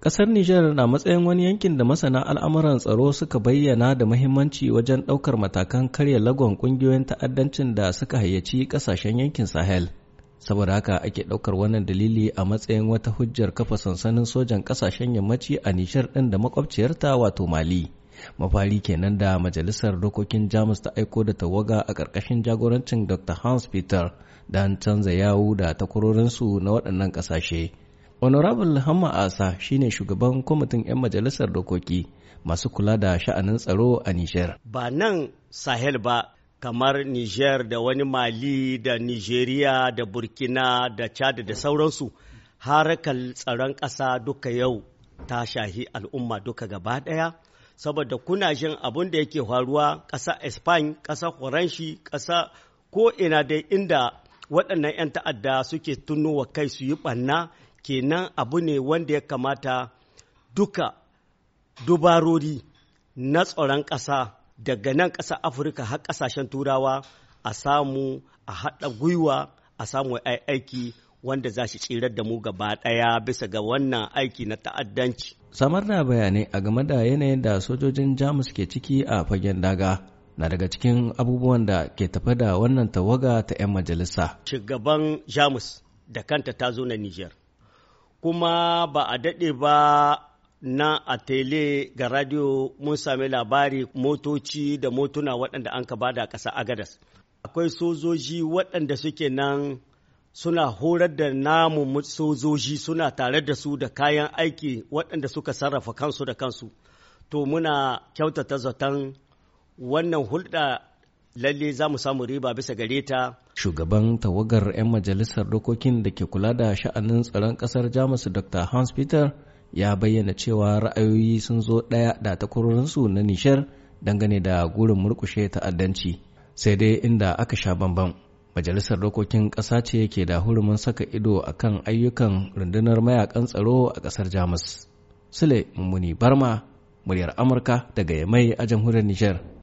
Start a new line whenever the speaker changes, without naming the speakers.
Ƙasar Nijar na matsayin wani yankin da masana al'amuran tsaro suka bayyana da muhimmanci wajen ɗaukar matakan karya lagon ƙungiyoyin ta'addancin da suka hayyaci ƙasashen yankin Sahel. Saboda haka ake ɗaukar wannan dalili a matsayin wata hujjar kafa sansanin sojan ƙasashen yammaci a Nijar din da makwabciyarta wato Mali. Mafari kenan da Majalisar Dokokin Jamus ta aiko da tawaga a ƙarƙashin jagorancin Dr. Hans Peter don canza yawu da takwarorinsu na waɗannan ƙasashe. honorable hamma asa shine shugaban kwamitin 'yan majalisar dokoki masu kula da sha'anin tsaro a niger
ba nan sahel ba kamar niger da wani mali da nigeria da burkina da chad da sauransu harakar tsaron ƙasa duka yau ta shahi al'umma duka gaba ɗaya saboda kuna jin abin da yake faruwa ƙasa Spain, ƙasa Faranshi, ƙasa ko ina dai inda waɗannan 'yan ta'adda suke tunowa kai su yi ɓanna kenan abu ne wanda ya kamata duka dubarori na tsoron ƙasa daga nan ƙasa afirka har ƙasashen turawa a samu a haɗa gwiwa a samu aiki wanda za shi tsirar da mu gaba ɗaya bisa ga wannan aiki na ta'addanci.
Samar da bayanai a game da yanayin da sojojin Jamus ke ciki a fagen daga na daga cikin abubuwan da ke tafa da wannan tawaga ta 'yan majalisa.
Shugaban Jamus da kanta ta zo na Nijar. kuma ba a daɗe ba na a tele ga radio mun sami labari motoci da motuna waɗanda an ka bada ƙasa agadas akwai sojoji waɗanda suke nan suna horar da namun sojoji suna tare da su da kayan aiki waɗanda suka sarrafa kansu da kansu to muna kyautata zaton wannan hulɗa lalle za mu samu riba bisa gare ta
shugaban tawagar 'yan majalisar dokokin da ke kula da sha'anin tsaron ƙasar jamus dr hans peter ya bayyana cewa ra'ayoyi sun zo ɗaya da takwarorinsu na nishar dangane da gurin murkushe ta'addanci sai dai inda aka sha bamban majalisar dokokin ƙasa ce ke da hurumin saka ido a kan ayyukan rundunar mayakan tsaro a ƙasar jamus sule mummuni barma muryar amurka daga yamai a jamhuriyar nijar